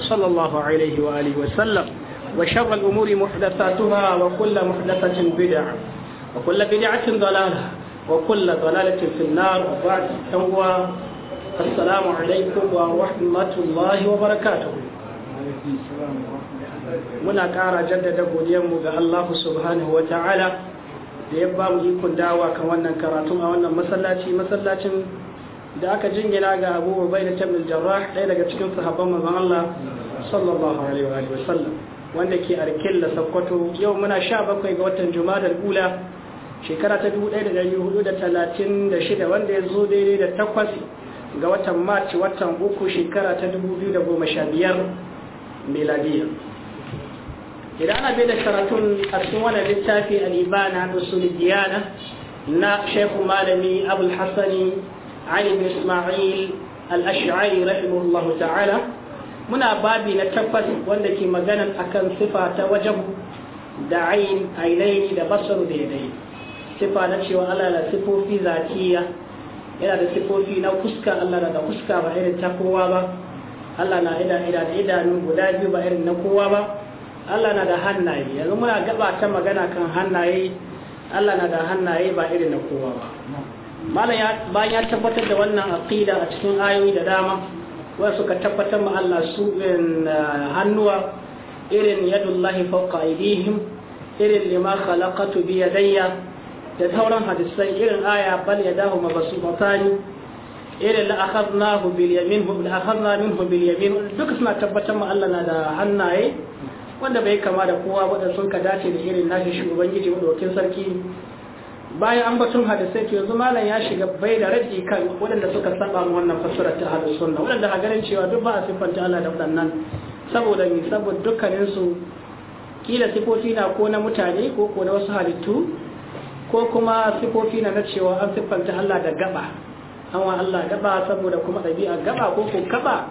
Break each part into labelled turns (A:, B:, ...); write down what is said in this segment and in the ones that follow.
A: صلى الله عليه وآله وسلم وشر الأمور محدثاتها وكل محدثة بدعة وكل بدعة ضلالة وكل ضلالة في النار وبعد التوى السلام عليكم ورحمة الله وبركاته muna ƙara jaddada godiyarmu ga Allah subhanahu wa ta'ala da ya ba mu ikon dawa kan wannan karatun a wannan masallaci masallacin da aka jingina ga abu da tabin jarrah ɗaya daga cikin sahabban mazan Allah sallallahu alaihi wa sallam wanda ke arkin da sakkwato yau muna sha bakwai ga watan juma da ula shekara ta 1436 wanda ya zo daidai da takwas ga watan march watan uku shekara ta 2015 meladiya. idan ana bai da karatun a cikin wani littafi al-ibana usul diyana na shekhu malami abul hassani عن ابن إسماعيل الأشعري رحمه الله تعالى muna babi na tabbas wanda ke maganan akan sifa ta wajabu da ayin ainihi da basaru da yanayi sifa na cewa Allah da sifofi zatiya yana da sifofi na fuska Allah na fuska ba irin ta kowa ba Allah na ida da idanu guda biyu ba irin na kowa ba Allah na da hannaye yanzu muna gabata magana kan hannaye Allah na da hannaye ba irin na kowa ba malam bayan ya tabbatar da wannan aqida a cikin ayoyi da dama wa suka tabbatar ma Allah su uh, hannuwa irin yadullahi fawqa aydihim irin lima khalaqatu bi yadayya da sauran hadisai irin aya bal yadahu mabsuutani irin la akhadnahu bil yamin la akhadna minhu bil yamin duk suna tabbatar ma Allah na da hannaye wanda bai kama da kowa wanda sun ka dace da irin nashi shugaban madaukin sarki bayan ambaton hadisai to yanzu malam ya shiga bai da raddi kan waɗanda suka saba mu wannan fassarar ta ahlus sunna waɗanda a ganin cewa duk ba a siffanta Allah da waɗannan saboda ni saboda dukkanin su kila sifofi na ko na mutane ko ko na wasu halittu ko kuma sifofi na na cewa an siffanta Allah da gaba an wa Allah gaba saboda kuma ɗabi'a gaba ko ko kaba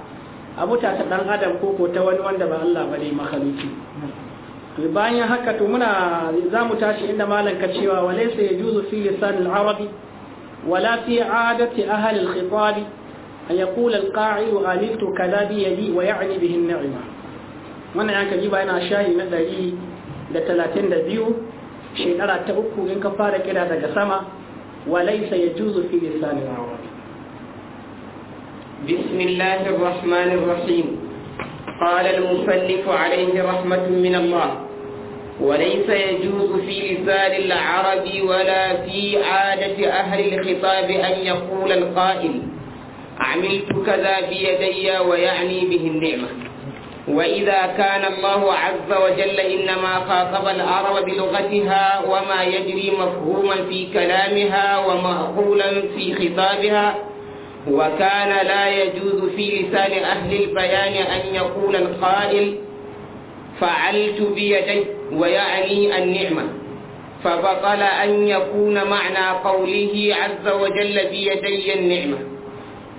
A: a mutata dan adam ko ko ta wani wanda ba Allah ba ne makhluki bayan haka to muna za mu tashi inda malam ka cewa wa laysa yajuzu fi lisan al-arabi ولا في عادة أهل الخطاب أن يقول القاعد غالبت كذا بيدي ويعني bayan النعمة من يعني كجيب أنا شاهي ندري لتلاتين دبيو شيء أرى تأكو إن كفارة كده دقسمة yajuzu fi lisan al-arabi
B: بسم الله الرحمن الرحيم قال المصنف عليه رحمة من الله وليس يجوز في لسان العرب ولا في عادة أهل الخطاب أن يقول القائل عملت كذا بيدي ويعني به النعمة وإذا كان الله عز وجل إنما خاطب العرب بلغتها وما يجري مفهوما في كلامها ومعقولا في خطابها وكان لا يجوز في لسان أهل البيان أن يقول القائل فعلت بيدي ويعني النعمة فبطل أن يكون معنى قوله عز وجل بيدي النعمة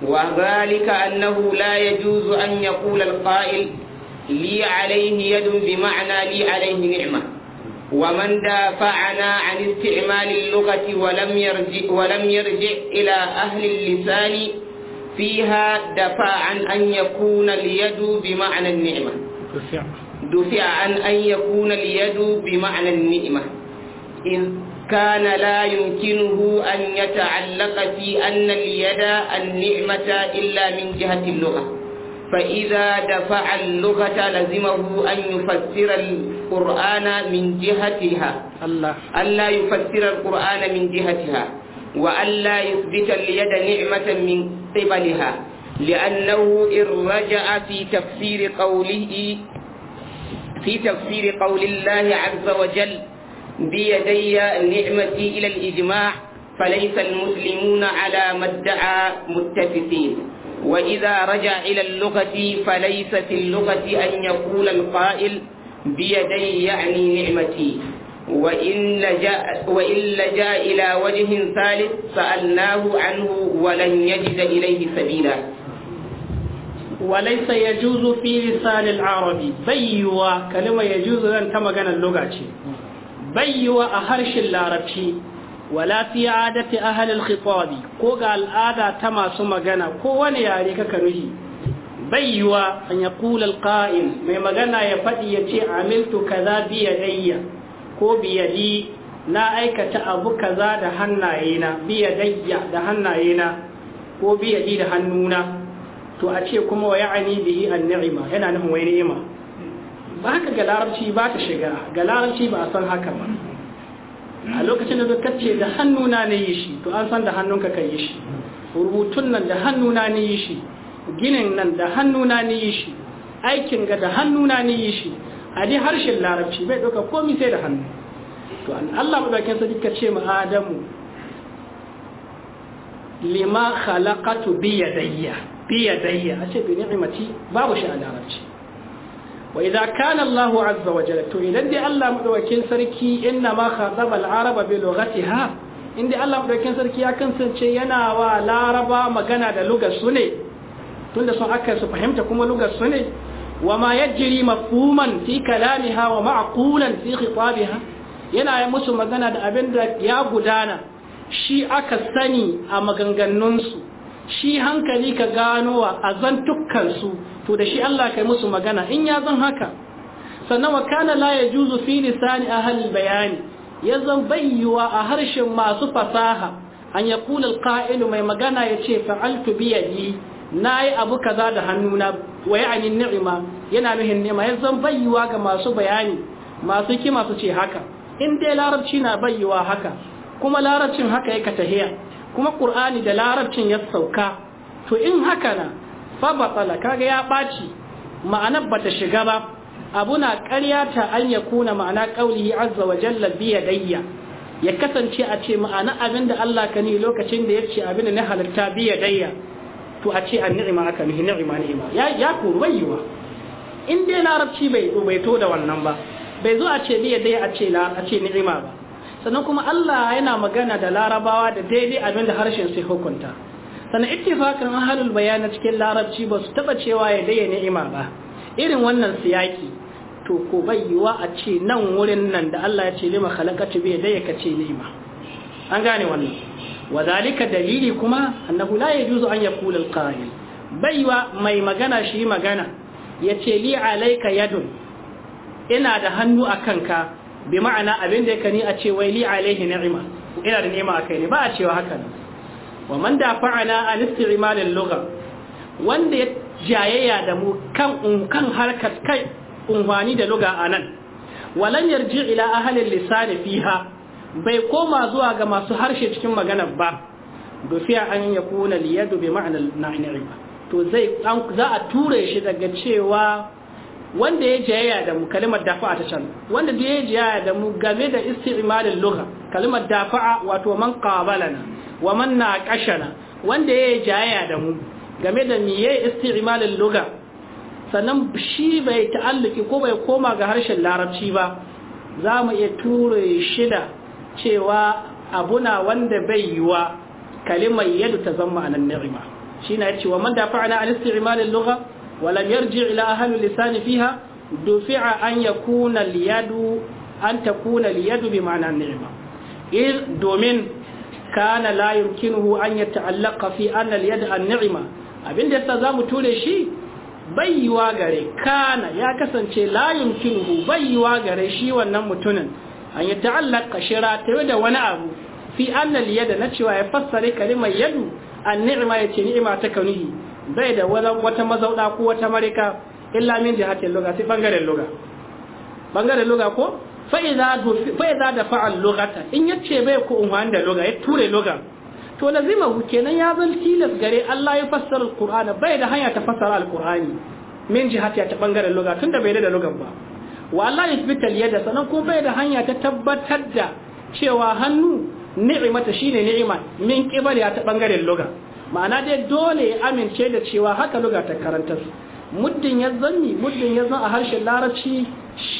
B: وذلك أنه لا يجوز أن يقول القائل لي عليه يد بمعنى لي عليه نعمة ومن دافعنا عن استعمال اللغة ولم يرجع, ولم يرجع إلى أهل اللسان فيها دفاعا أن يكون اليد بمعنى النعمة دفع عن أن يكون اليد بمعنى النعمة إذ كان لا يمكنه أن يتعلق في أن اليد النعمة إلا من جهة اللغة فإذا دفع اللغة لزمه أن يفسر القرآن من جهتها الله ألا يفسر القرآن من جهتها وألا يثبت اليد نعمة من قبلها لأنه إن رجع في تفسير قوله في تفسير قول الله عز وجل بيدي نعمتي إلى الإجماع فليس المسلمون على ما ادعى متفقين وإذا رجع إلى اللغة فليس في اللغة أن يقول القائل بيدي يعني نعمتي وإن لجاء وإن لجأ إلى وجه ثالث سألناه عنه
A: ولن يجد إليه سبيلا walaisa ya juzu fi lisanin arabi bayyuwa kalima ya juzu zan ta maganar luga ce bayyuwa a harshen larabci wala fi adati ahlil khitabi ko ga al'ada ta masu magana ko wani yare ka karuhi bayyuwa an ya kula mai magana ya faɗi ya ce amiltu kaza bi yadayya ko bi na aikata abu kaza da hannayena bi da hannayena ko bi da hannuna to a ce kuma wa ya'ani bihi an-ni'ma yana nufin wai ni'ima ba haka ga larabci ba ta shiga ga larabci ba a san haka ba a lokacin da ka ce da hannuna ne yi shi to an san da hannunka kan yi shi rubutun nan da hannuna ne yi shi ginin nan da hannuna ne yi shi aikin ga da hannuna ne yi shi a dai harshen larabci bai ɗauka komi sai da hannu to an Allah madaukakin sa ka ce ma Adamu lima khalaqatu bi yadayya ace bi ni'mati babu shi a larabci wa idza kana Allah azza wa jalla to idan dai Allah madawakin sarki inna ma khataba al-araba bi lughatiha inda Allah madawakin sarki ya kansance yana wa laraba magana da lugar su ne tunda sun aka su fahimta kuma lugar su ne wa ma yajri mafhuman fi kalamiha wa ma'qulan fi khitabiha yana musu magana da abin da ya gudana shi aka sani a maganganunsu shi hankali ka ganowa a zantukkansu to da shi Allah kai musu magana in ya zan haka sannan wa kana la yajuzu fi lisani ahli bayani zan bayyuwa a harshen masu fasaha an kula alqa'ilu mai magana yace fa'altu bi yadi nayi abu kaza da hannuna wa ya'ni ni'ima yana nuhin ni'ima zan bayyuwa ga masu bayani masu kima su ce haka in dai larabci na bayyuwa haka kuma larabcin haka yake tahiya kuma ƙur'ani da larabcin ya sauka to in haka na fa kaga ya ɓaci ma'anar bata shiga ba abu na ƙarya ta an ya kuna ma'ana qaulihi azza wa jalla bi yadayya ya kasance a ce ma'ana abinda Allah ka ni lokacin da yace abinda na halitta bi yadayya to a ce ni'ima aka mihi ni'ima ni'ima ya ya ku bayyuwa in dai larabci bai bai to da wannan ba bai zo a ce bi yadayya a ce la a ce ni'ima ba sannan kuma Allah yana magana da larabawa da daidai abinda harshen sai hukunta sannan ittifaqan ahlul bayan cikin larabci ba su taba cewa ya daya ni'ima ba irin wannan siyaki to ko bai yiwa a ce nan wurin nan da Allah ya ce lima khalaqati bi daya ka ce ni'ima an gane wannan wadhalika dalili kuma annahu la yajuzu an yaqula al-qa'il baiwa mai magana shi magana yace li alayka yadun ina da hannu a kanka bi ma'ana abin da yake ni a ce li alaihi ni'ima ina da ni'ima akai ne ba a cewa haka wa man da fa'ana an istimal al-lugha wanda ya jayayya da mu kan kan harkar kai umwani da lugha anan walan yarji ila ahli lisan fiha bai koma zuwa ga masu harshe cikin maganar ba dufiya an kuna liyadu bi ma'ana to zai za a ture shi daga cewa wanda ya jayayya da mu kalimar dafa'a ta can wanda da ya jayayya da mu game da isti'malin lugha kalimar dafa'a wato man qabalana wa man naqashana wanda ya jayayya da mu game da miye isti'malin lugha sannan shi bai ta'alluki ko bai koma ga harshen larabci ba za mu iya ture shida cewa abuna wanda bai yiwa kalimar yadu ta zama anan ni'ima shi na cewa man dafa'ana al-isti'malin lugha ولم يرجع إلى أهل اللسان فيها دفع أن يكون اليد أن تكون اليد بمعنى النعمة إذ دومين كان لا يمكنه أن يتعلق في أن اليد النعمة abin da yasa za mu ture shi baiwa gare kana ya kasance la yumkinuhu baiwa gare shi wannan mutumin an ya ta'allaka shira ta da wani abu fi annal yada na cewa ya fassare kalimar yadu an ni'ima ya ce ni'ima ta kaunihi bai da wata mazauda ko wata marika illa min jihatin luga sai bangaren luga bangaren luga ko fa idza da fa'al lugata in yace bai ko umman da luga ya ture luga to lazima ku kenan ya zan tilas gare Allah ya fassara alqur'ana bai da hanya ta fassara alqur'ani min jihati ta bangaren luga tunda bai da lugan ba wa Allah yuthbita yadda sanan ko bai da hanya ta tabbatar da cewa hannu ni'imata shine ni'ima min kibali ta bangaren lugan. ma'ana dai dole ya amince da cewa haka luga ta karantar muddin ya zanni muddin ya zan a harshen larabci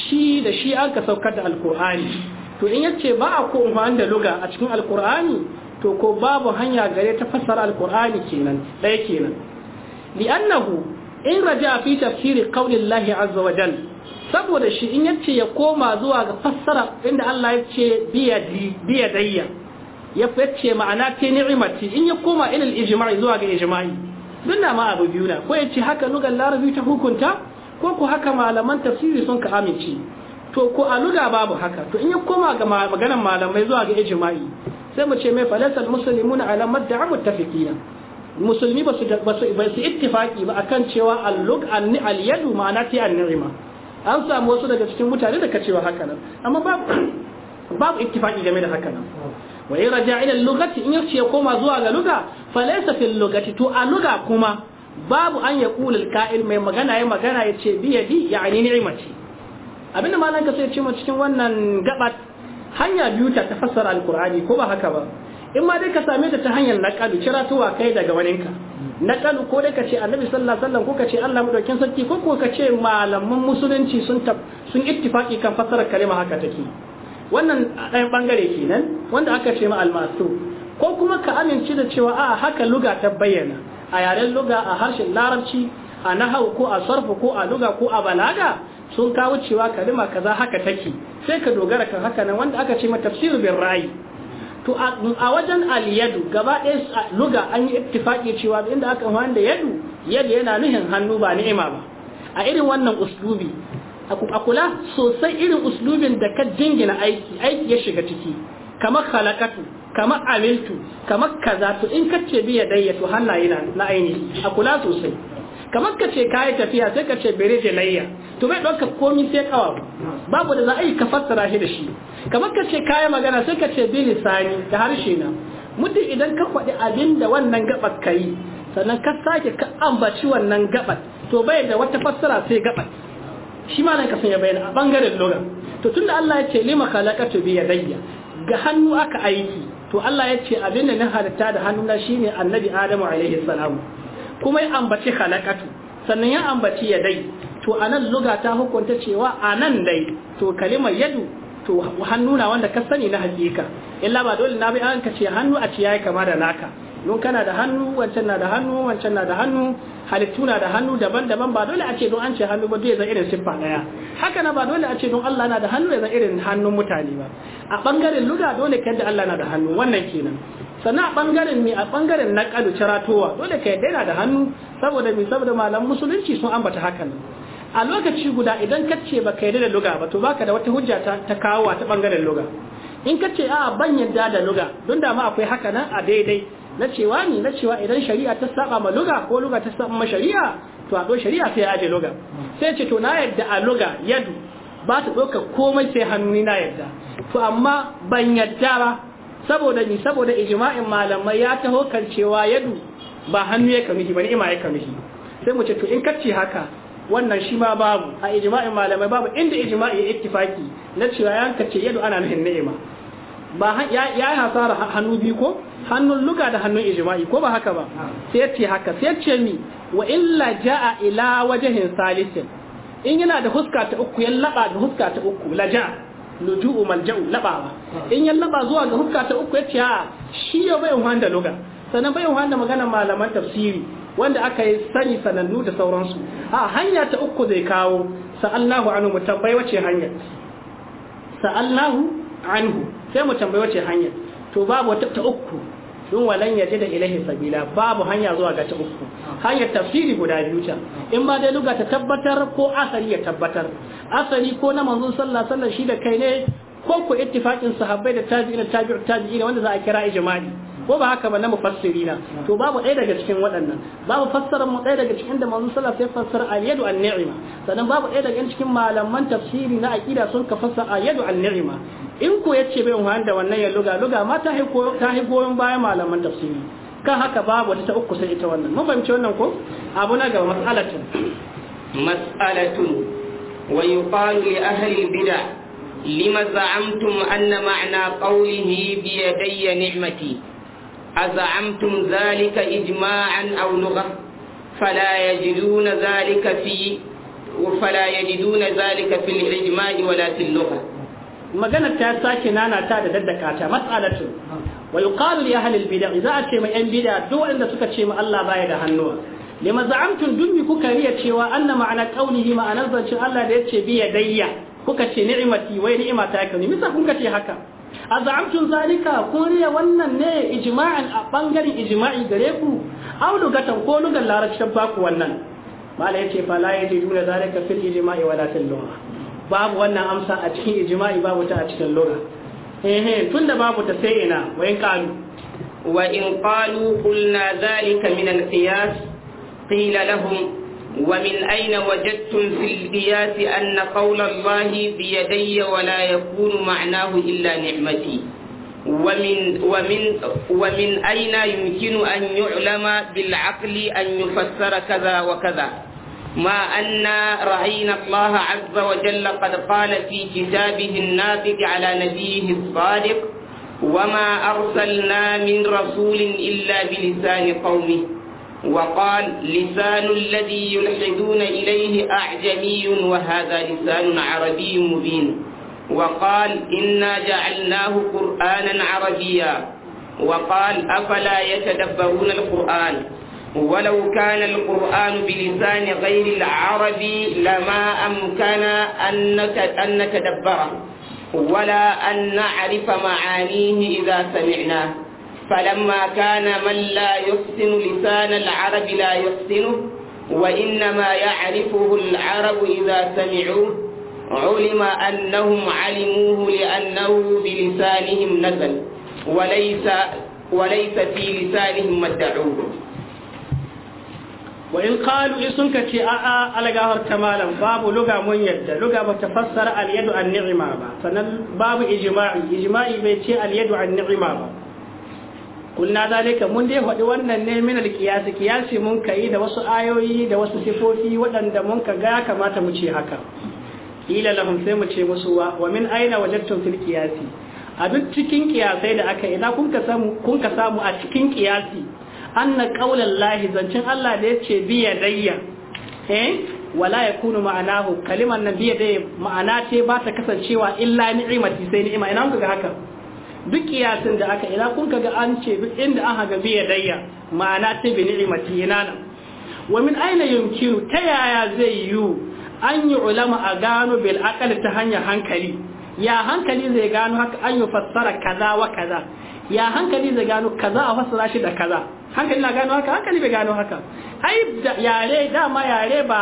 A: shi da shi an ka saukar da alkur'ani to in yace ba a ko umfani da luga a cikin alkur'ani to ko babu hanya gare ta fassara alkur'ani kenan ɗaya kenan li'annahu in raja fi tafsiri qaulillahi azza wa jal saboda shi in yace ya koma zuwa ga fassara inda Allah ya ce biya dayya ya fice ma'ana ta ni'imati in ya koma ilal ijma'i zuwa ga ijma'i duk na ma abu biyu na ko ya ce haka lugar larabi ta hukunta ko ku haka malaman tafsiri sun ka amince to ko a luga babu haka to in ya koma ga maganan malamai zuwa ga ijma'i sai mu ce mai falasal muslimuna ala madda muttafiqina musulmi ba su ba su ittifaki ba akan cewa al-lug al-yadu ma'ana ta an-ni'ma an samu wasu daga cikin mutane da ka cewa haka nan amma babu babu ittifaki game da haka nan wa in raja ila lugati in ya koma zuwa ga luga fa laysa fil lugati to a luga kuma babu an ya kula ka'il mai magana ya magana ya ce bi yadi mace. Abin abinda malan ka sai ce mu cikin wannan gabat hanya biyu ta tafassara alqur'ani ko ba haka ba in ma dai ka same ta ta hanyar naqalu kiratuwa kai daga waninka naqalu ko dai ka ce annabi sallallahu alaihi wasallam ko ka ce Allah madaukin sarki ko ko ka ce malaman musulunci sun sun ittifaki kan fassarar kalma haka take wannan a ɗayan ɓangare kenan wanda aka ce ma almasu ko kuma ka amince da cewa a haka luga ta bayyana a yaren luga a harshen larabci a nahau ko a sarfu ko a luga ko a balaga sun kawo cewa kalima kaza haka take sai ka dogara kan haka nan wanda aka ce ma tafsiru bin ra'ayi to a wajen al-yadu gaba ɗaya luga an yi ittifaki cewa inda aka wanda yadu yadu yana nuhin hannu ba ni'ima ba a irin wannan uslubi a kula sosai irin uslubin da ka jingina aiki aiki ya shiga ciki kamar halakatu kamar amiltu kamar kaza to in ka ce biya dayya to hannaye na aini a kula sosai kamar ka ce kayi tafiya sai ka ce bere je layya to bai ɗauka komi sai kawa babu da za a yi ka fassara shi da shi kamar ka ce kayi magana sai ka ce bi lisani da harshe na muddin idan ka faɗi abin da wannan gabar ka yi sannan ka sake ka ambaci wannan gabar to bai da wata fassara sai gabar shi ma nan kasan ya bayyana a bangaren logan to tunda Allah ya ce lima khalaqatu bi yadayya ga hannu aka aiki to Allah ya ce abinda na halitta da hannu na shine annabi Adamu alaihi salam kuma ya ambaci khalaqatu sannan ya ambaci yadai to anan luga ta hukunta cewa anan dai to kalimar yadu to hannu na wanda ka sani na hakika illa ba dole na bi an ka hannu a ce yayi kama da naka don kana da hannu wancan na da hannu wancan na da hannu halittu na da hannu daban-daban ba dole a ce don an ce hannu ba dole zai irin siffa daya haka na ba dole a ce don Allah na da hannu ya zan irin hannun mutane ba a bangaren luga dole ka yadda Allah na da hannu wannan kenan sannan a bangaren mi a bangaren na kalu ciratowa dole ka yadda yana da hannu saboda mi saboda malam musulunci sun ambata hakan a lokaci guda idan ka ce ba ka yarda da luga ba to baka da wata hujja ta kawo a ta bangaren luga in ka ce a ban yadda da luga don da ma akwai haka nan a daidai na cewa ne na cewa idan shari'a ta saba ma luga ko luga ta saba ma shari'a to a do shari'a sai aje luga sai ce to na yadda a luga yadu ba ta ɗauka komai sai hannu na yadda. to amma ban yadda ba saboda ni saboda ijma'in malamai ya taho kan cewa yadu ba hannu ya kamihi ba ni ima ya kamihi sai mu ce to in kacce haka wannan shi ma babu a ijma'in malamai babu inda ijma'i ya ittifaki na cewa yanka ce yadu ana nufin ni'ima ba ya ya hasara hannu bi ko hannun luka da hannun ijma'i ko ba haka ba sai yace haka sai yace mi wa illa ja'a ila wajhin salisin in yana da huska ta uku ya laba da huska ta uku laja luju'u malja'u labawa in ya laba zuwa ga huska ta uku yace ce shi ya bai wanda luga sannan bai wanda magana malaman tafsiri wanda aka yi sani sanannu da sauransu a hanya ta uku zai kawo sa'allahu anhu mu tambayi wace hanyar sa'allahu anhu sai mu tambayi wace hanyar to babu wata ta uku in walan yaje da ilahi sabila babu hanya zuwa ga ta uku hanyar tafsiri guda biyu ta in ba dai luga ta tabbatar ko asali ya tabbatar asali ko na manzon sallah, alaihi shi da kai ne ko ku ittifaqin sahabbai da tabi'in tabi'u tabi'in wanda za a kira ijma'i ko ba haka ba na mufassirina to babu ɗaya daga cikin waɗannan babu fassarar mu ɗaya daga cikin da manzon salaf ya fassara al-yadu an-ni'ma sannan babu ɗaya daga cikin malaman tafsiri na aqida sun ka fassara al-yadu an-ni'ma in ko yace bai da wannan ya luga luga ma ta haiko ta haiko bayan malaman tafsiri kan haka babu wata ta uku sai ita wannan mun fahimci wannan ko abu na gaba mas'alatun
B: mas'alatun wa yuqalu li ahli bid'ah لما زعمتم أن معنى قوله بيدي نعمتي أزعمتم ذلك إجماعا أو لغة فلا يجدون ذلك في فلا يجدون ذلك في الإجماع ولا في اللغة
A: maganar ta sake nana da daddaka ta matsalatu wa yuqalu li ahli al-bid'a za ce mai yan bid'a duk waɗanda suka ce ma Allah baya da hannuwa lima za'amtum dun bi kuka riya cewa anna ma'ana qawlihi ma'anar zancin Allah da yace bi yadayya kuka ce ni'mati wai ta kai misa kuka ce haka azamtum zalika kun riya wannan ne ijma'an a bangaren ijma'i gare ku aw lugatan ko lugan larabcin ba ku wannan mala yace fa la yajiduna zalika fil ijma'i wala fil lugha babu wannan amsa a cikin ijma'i babu ta a cikin lugha Ehe tunda babu ta sai ina wayin qalu wa in qalu qulna
B: zalika min al qiyas qila lahum ومن أين وجدتم في البيات أن قول الله بيدي ولا يكون معناه إلا نعمتي ومن, ومن, ومن أين يمكن أن يعلم بالعقل أن يفسر كذا وكذا ما أن رأينا الله عز وجل قد قال في كتابه الناطق على نبيه الصادق وما أرسلنا من رسول إلا بلسان قومه وقال لسان الذي يلحدون إليه أعجمي وهذا لسان عربي مبين وقال إنا جعلناه قرآنا عربيا وقال أفلا يتدبرون القرآن ولو كان القرآن بلسان غير العربي لما أمكن أن نتدبره ولا أن نعرف معانيه إذا سمعناه فلما كان من لا يحسن لسان العرب لا يحسنه وإنما يعرفه العرب إذا سمعوه علم أنهم علموه لأنه بلسانهم نزل وليس وليس في لسانهم مدعوه
A: وإن قالوا إسن كتي آآ ألقاهر كمالا باب لغة من يد لغة بتفسر اليد النعمة سنن باب إجماعي إجماعي بيتي اليد النعمة kulna zalika mun dai faɗi wannan ne min alkiyasi kiyasi mun kai da wasu ayoyi da wasu sifofi waɗanda mun ka ga kamata mu ce haka ila lahum sai mu ce musu wa wa min aina wajadtum fil kiyasi a duk cikin kiyasai da aka ina kun ka samu kun ka samu a cikin kiyasi anna qaulan lahi zancin Allah da yace bi yadayya eh wala yakunu ma'anahu kaliman nabiyya dai ma'ana ce ba ta kasancewa illa ni'imati sai ni'ima ina kun ga haka duk kiyasin da aka ina kun kaga an ce duk inda aka ga biya dayya ma'ana ta bi ni'imati yana wa min aina yumkinu ta yaya zai yiwu an yi ulama a gano bil aqal ta hanyar hankali ya hankali zai gano haka an yi fassara kaza wa kaza ya hankali zai gano kaza a fassara shi da kaza hankali na gano haka hankali bai gano haka ai yare dama yare ba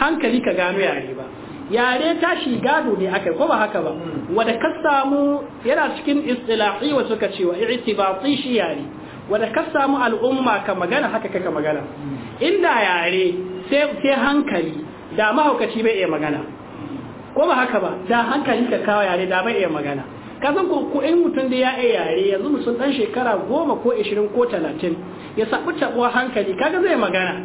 A: hankali ka gano yare ba yare tashi gado ne akai ko ba haka ba wanda ka samu yana cikin istilahi wa suka cewa i'tibati shi yare wanda ka samu al'umma ka magana haka kaka magana inda yare sai sai hankali da mahaukaci bai iya magana ko ba haka ba da hankali ka kawo yare da bai iya magana ka san ko ko in mutum da ya iya yare yanzu mutun dan shekara goma ko ishirin ko talatin ya sabu tabo hankali kaga zai magana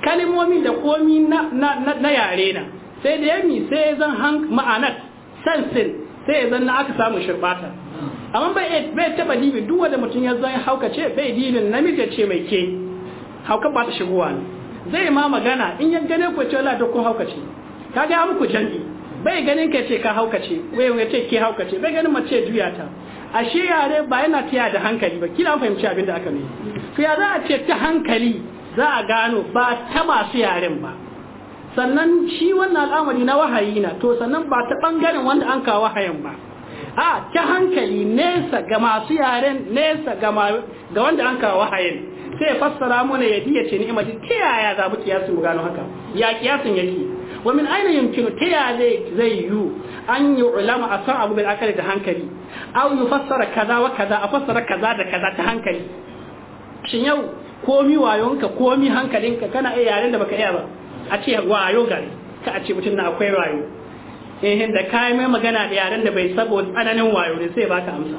A: kalimomi da komi na yare na sai da yami sai ya zan hank ma'anar sensin sai ya zan na aka samu shirbata amma bai bai taba dibi duk wanda mutum ya zan haukace bai dibin namiji ce mai ke haukan ba ta shigowa ne zai ma magana in ya gane ku ce Allah hauka haukace ka ga muku jami'i bai ganin ka ce ka haukace wai ya ce ke haukace bai ganin mace juya ta ashe yare ba yana tiya da hankali ba kila an fahimci abin da aka ne to ya za a ce ta hankali za a gano ba ta masu yaren ba sannan shi wannan al'amari na wahayi na to sannan ba ta bangaren wanda an kawo wahayin ba a ta hankali nesa ga masu yaren nesa ga wanda an kawo wahayin sai fassara mana ya diya ce ni'imati ta yaya za mu kiyasin mu gano haka ya kiyasin yake wa min aina yumkinu ta yaya zai yiwu an yi ulama a san abu bil akali da hankali aw yufassara kaza wa kaza a fassara kaza da kaza ta hankali shin yau komi wayonka komi hankalinka kana iya yaren da baka iya ba a ce wayo gari ka a ce mutum na akwai wayo eh da kai mai magana da yaran da bai saboda tsananin wayo ne sai baka amsa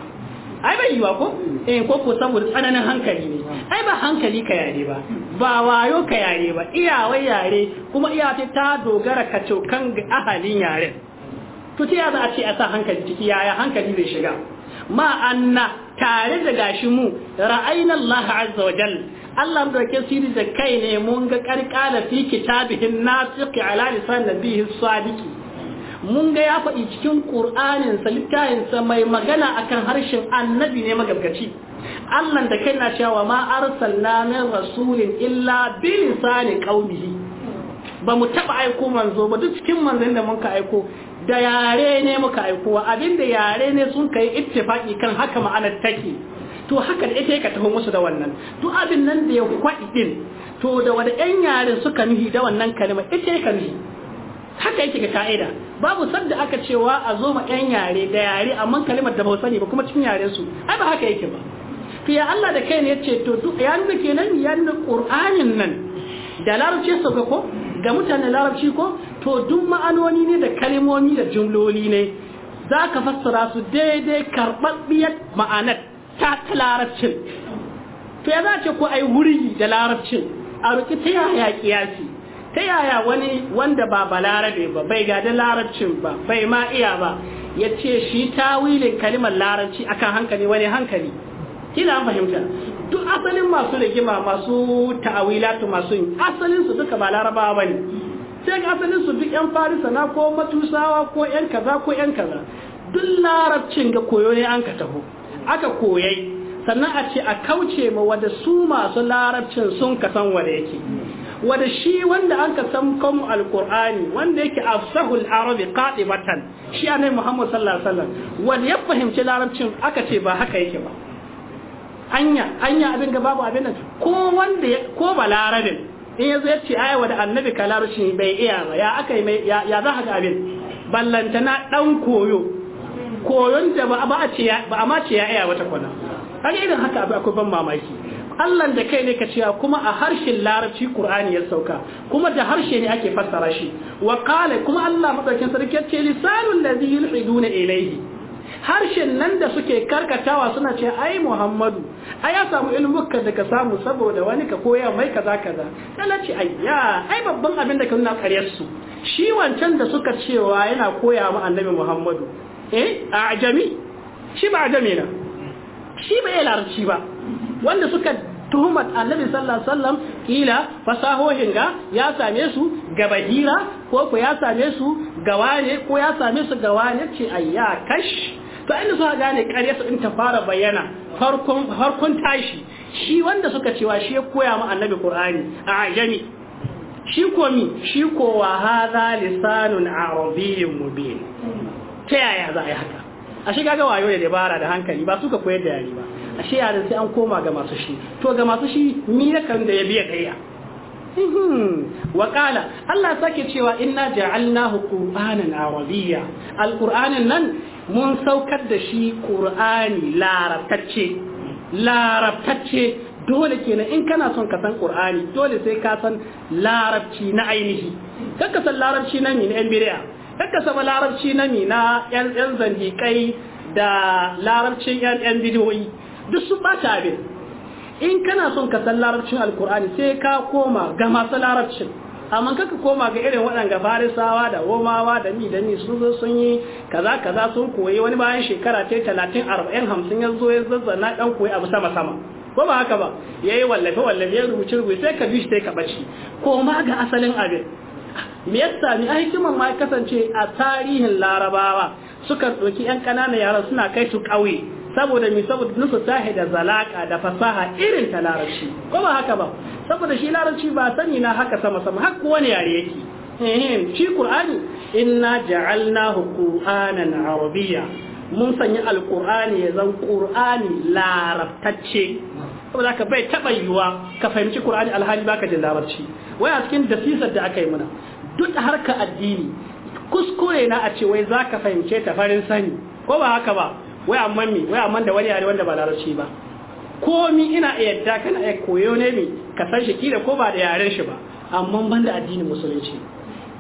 A: ai bai yiwa ko eh ko ko saboda tsananin hankali ne ai ba hankali ka yare ba ba wayo ka yare ba iyawai yare kuma iyawai ta dogara ka kan ga ahalin yaren to ta ya za a ce a sa hankali ciki yaya hankali zai shiga ma anna tare da gashi mu ra'ayna Allah azza wa jal Allah mu dauke siri da kai ne mun ga karkala fi kitabihin nasiqi ala lisan nabihi sadiqi mun ga ya faɗi cikin Qur'anin sa littafin sa mai magana akan harshen annabi ne magabgaci Allah da kai na cewa ma arsalna min rasulin illa bi lisan qaumihi ba mu taba aiko manzo ba duk cikin manzon da mun ka aiko da yare ne muka aikowa abinda yare ne sun kai ittifaki kan haka ma'anar take to haka da ita ka taho musu da wannan to abin nan da ya kwadi din to da wanda ƴan yare suka nuhi da wannan kalma ita ka nihi haka yake ga ka'ida babu sadda aka cewa a zo ma ƴan yare da yare amma kalmar da ba sani ba kuma cikin yaren su ai ba haka yake ba to ya Allah da kai ne yace to duk ya nuna kenan ya nuna Qur'anin nan da larabci su ga ko Da mutanen larabci ko to duk ma'anoni ne da kalmomi da jumloli ne za ka fassara su daidai karɓaɓɓiyar ma'anar ta ta larabcin to ya za ce ko ai wuri da larabcin a roƙi ta yaya kiyasi ta yaya wani wanda ba larabe ba bai gada larabcin ba bai ma iya ba ya ce shi tawilin kalimar larabci akan hankali wani hankali kila an fahimta duk asalin masu rigima masu ta'awilatu masu asalin su duka ba larabawa bane sai ga asalin su duk yan farisa na ko matusawa ko yan kaza ko yan kaza duk larabcin ga koyo ne an ka taho aka koyai sannan a ce a kauce ma wanda su masu larabcin sun ka san wanda yake wanda shi wanda an ka san kan alqur'ani wanda yake afsahul arabi qatibatan shi annabi muhammad sallallahu alaihi wasallam wanda ya fahimci larabcin aka ce ba haka yake ba anya anya abin da babu abin nan ko wanda ko balarabin in yazo yace ayawa da annabi kalarushi bai iya ba ya akai mai ya za ga abin na dan koyo koyon da ba a ce ba a ya iya wata kwana kaga irin haka abu akwai ban mamaki Allah da kai ne ka cewa kuma a harshen larabci Qur'ani ya sauka kuma da harshe ne ake fassara shi wa qala kuma Allah madaukin sarki ya ce lisanul ladhi yulhiduna ilayhi harshen nan da suke karkatawa suna ce ai muhammadu ai ya samu ilmukan da ka samu saboda wani ka koya mai kaza kaza kana ce ai ya ai babban abin da ka nuna karyar su shi wancan da suka cewa yana koya ma annabi muhammadu eh a ajami shi ba ajami na shi ba ya larci ba wanda suka tuhumar annabi sallallahu alaihi wasallam kila fasahohin ga ya same su ga bahira ko ko ya same su ga wane ko ya same su ga wane ce ayya kash to inda suka gane ƙarya su in ta fara bayyana farkon tashi shi wanda suka cewa shi ya koya ma annabi qur'ani a ajami shi ko mi shi ko wa hadha lisanun arabiyyun mubin ta yaya za a yi haka ashe kaga wayo da dabara da hankali ba suka koyar da yari ba ashe yaran sai an koma ga masu shi to ga masu shi ni na kan da ya biya kaiya Waƙala qala Allah sake cewa inna ja'alnahu qur'anan arabiyya alqur'anin nan mun saukar da shi qur'ani larabtacce larabtacce dole kenan in kana son ka san qur'ani dole sai ka san larabci na ainihi kaka san larabci na min na yan san larabci na min na yan yan zandikai da larabcin yan yan bidiyoyi duk su ba ta abin in kana son ka san larabcin alkur'ani sai ka koma ga masu larabcin amma kaka koma ga irin waɗanda farisawa da romawa da ni da ni sun zo sun yi kaza kaza sun koyi wani bayan shekara ta talatin arba'in hamsin ya zo ya zazzana ɗan koyi abu sama sama ko ba haka ba ya yi wallafe wallafe ya rubuce rubuce sai ka bi shi sai ka ɓaci koma ga asalin abin me yasa ni a hikiman ma kasance a tarihin larabawa suka ɗauki 'yan ƙananan yaran suna kai su kauye. saboda mi saboda nusu da zalaka da fasaha irin ta larabci ko ba haka ba saboda shi larabci ba sani na haka sama sama har ko wani yare yake shi qur'ani inna ja'alnahu qur'anan arabiyya mun sanya alqur'ani ya zan qur'ani larabtacce saboda haka bai taba yiwa ka fahimci qur'ani alhali baka jin larabci Wai a cikin dasisar da aka yi muna duk harka addini kuskure na a ce wai zaka fahimce ta farin sani ko ba haka ba wai amman mi wai amman da wani yare wanda ba larabci ba mi ina yadda kana iya koyo ne mi ka san shi kila ko ba da yaren shi ba amma ban da addinin musulunci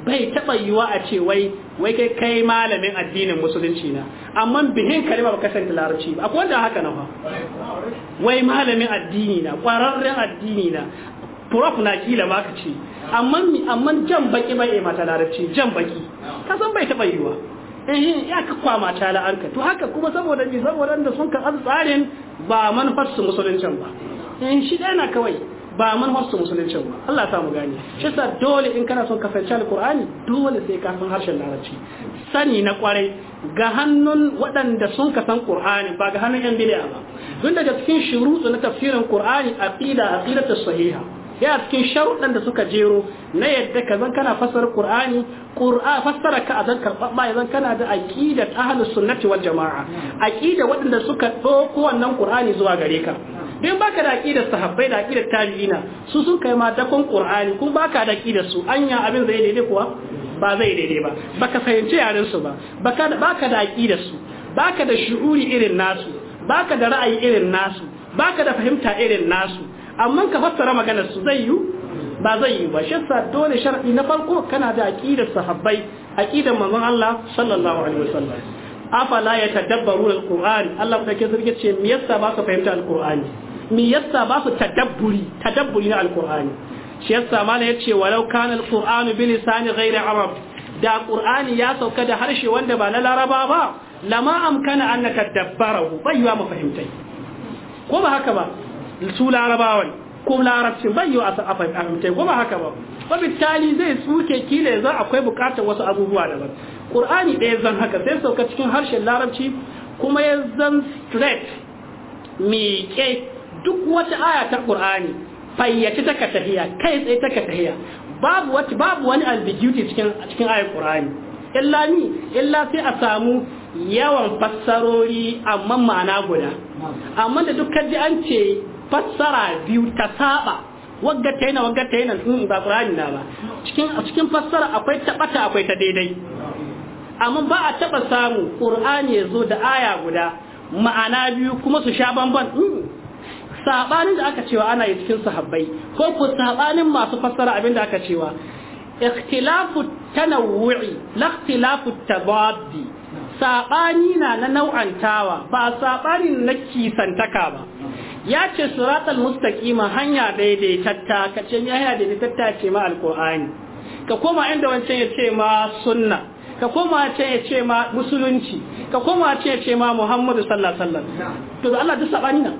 A: bai taba yiwa a ce wai wai kai kai malamin addinin musulunci na amma bihin kalma ba kasance larabci ba akwai wanda haka na fa wai malamin addini na kwararren addini na prof na kila ba ka ce amma amma jan baki bai mata larabci jan baki ka san bai taba yiwa eh ya ka kwama ta la'arka to haka kuma saboda bi saboda da sun ka tsarin ba manufar su musuluncin ba in eh, shi ɗaya na kawai ba manufar su musuluncin ba Allah ya samu gani shi sa dole in kana son kasance alqur'ani dole sai ka san harshen larabci sani na kwarai ga hannun waɗanda sun ka san qur'ani ba ga hannun yan bid'a ba tun daga cikin shuruɗu na tafsirin qur'ani aqida aqidatu sahiha ya cikin sharuɗan da suka jero na yadda ka zan kana fassara ƙur'ani ƙur'a fassara ka a azan karɓaɓɓa ya zan kana da aqidat ahlus sunnati wal jama'a aƙida waɗanda suka ɗauko wannan ƙur'ani zuwa gare ka din baka da aqidar sahabbai da aqidar tabi'ina su sun kai ma dakon Qur'ani kuma baka da aqidar su anya abin zai daidai kuwa ba zai daidai ba baka fahimci yaren su ba baka baka da aqidar su baka da shu'uri irin nasu baka da ra'ayi irin nasu baka da fahimta irin nasu amma ka fassara maganar su zai yi ba zai yi ba shassa dole sharadi na farko kana da aqidar sahabbai aqidar manzon Allah sallallahu alaihi wasallam afala yatadabbaru alquran Allah da ke zirge ce me yasa ba su fahimta alqurani me yasa ba su tadabburi tadabburi na alqurani shi yasa mala yace walau kana alquranu bilisani ghairi arab da ƙur'ani ya sauka da harshe wanda ba na laraba ba lama amkana annaka dabbarahu bai yiwa mu ko ba haka ba su larabawan ko larabcin ban yi a fahimtai ko ba haka ba tali zai suke kila za akwai bukatar wasu abubuwa da ban. ƙur'ani ɗaya zan haka sai sauka cikin harshen larabci kuma ya zan straight miƙe duk wata aya ta ƙur'ani fayyaci ta katahiya kai tsaye ta katahiya babu wata babu wani ambiguity cikin cikin ayar ƙur'ani illa ni illa sai a samu yawan fassarori amma ma'ana guda amma da duk kaji an ce fassara biyu ta saba wagga ta yana wagga ta yana in mm, ba na ba cikin cikin fassara akwai tabata akwai ta daidai amma ba a taɓa samu qur'ani ya zo da aya guda ma'ana biyu kuma su sha bamban mm. sabanin da aka cewa ana yi cikin sahabbai ko ku sabanin masu fassara abin da aka cewa ikhtilafu tanawwu'i la ikhtilafu tabaddi saɓani na na nau'antawa ba saɓani na kisantaka ba ya ce suratul mustaqima hanya daidaitatta ka ce ya hanya daidaitatta ce ma alqur'ani ka koma inda wancan ya ce ma sunna ka koma ce ya ce ma musulunci ka koma ce ya ce ma muhammadu sallallahu alaihi wasallam to da Allah duk sabani nan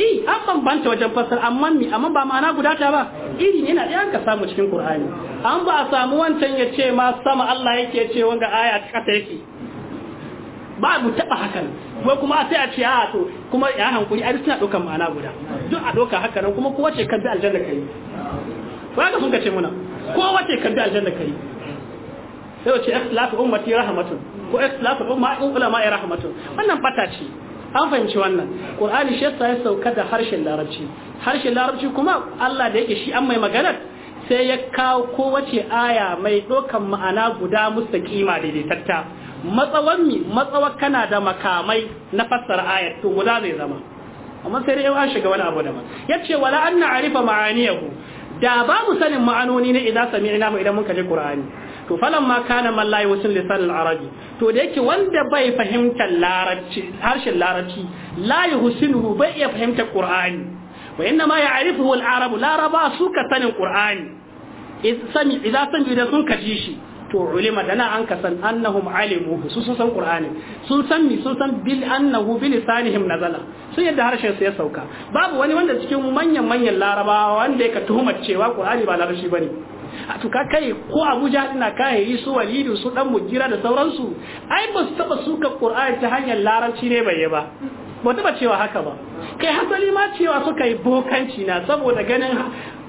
A: eh an bambanta wajen fasar amma mi amma ba ma'ana guda ta ba iri na da ka samu cikin qur'ani an ba a samu wancan ya ce ma sama Allah yake ce wanga aya ta kasa yake ba mu taba hakan ko kuma sai a ce a ah, to kuma ya hankuri ai suna daukan ma'ana guda duk a doka haka nan kuma kowa ce kadda aljanna kai ba ka sun kace muna kowa ce kadda aljanna kai sai wace ikhlafu ummati rahmatun ko ikhlafu ummati ulama rahmatun wannan fata ce an fahimci wannan qur'ani shi yasa ya sauka da harshen larabci harshen larabci kuma Allah da yake shi an mai magana sai ya kawo kowace aya mai dokan ma'ana guda mustaqima daidaitatta matsawan mi matsawa kana da makamai na fassara ayat to guda zai zama amma sai dai an shiga wani abu Ya ce wala an na'rifa ma'aniyahu da ba mu sanin ma'anoni ne idan sami'na mu idan muka ji qur'ani to falan ma kana man la yusil lisan al-arabi to da yake wanda bai fahimtar larabci harshen larabci la yuhsinuhu bai iya fahimtar qur'ani wa inna ma ya'rifuhu al-arabu laraba su ka sanin qur'ani idan sami idan sun ji sun kaji shi to ulima dana an kasan annahum alimu su sun san qur'ani sun san mi sun san bil annahu bil nazala sun yadda harshen su ya sauka babu wani wanda cikin manyan manyan larabawa wanda yake tuhumar cewa qur'ani ba larabci bane a tuka kai ko abuja ina yi su walidu su dan mujira da sauransu ai ba su taba suka qur'ani ta hanyar larabci ne bai ba ba cewa haka ba kai hasali ma cewa suka yi bokanci na saboda ganin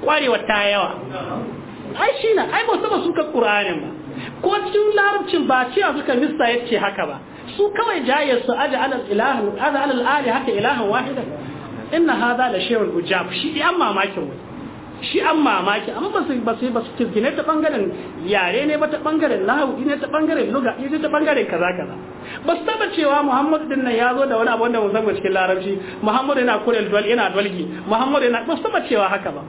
A: kwarewa ta yawa ai shi na ai ba taba suka qur'anin ba ko cikin larabcin ba ce a suka mista ya ce haka ba su kawai jayar su aji alal ilahin aja alal ali haka ilahin wahidan inna hadha la shay'un ujab shi an mamakin wani shi an mamaki amma ba su ba su ba su ta bangaren yare ne ba ta bangaren lahu ne ta bangaren luga ne ta bangaren kaza kaza ba su taba cewa muhammadu din nan ya zo da wani abu wanda mu san cikin larabci muhammadu yana kurel yana dwalgi muhammadu yana ba su taba cewa haka ba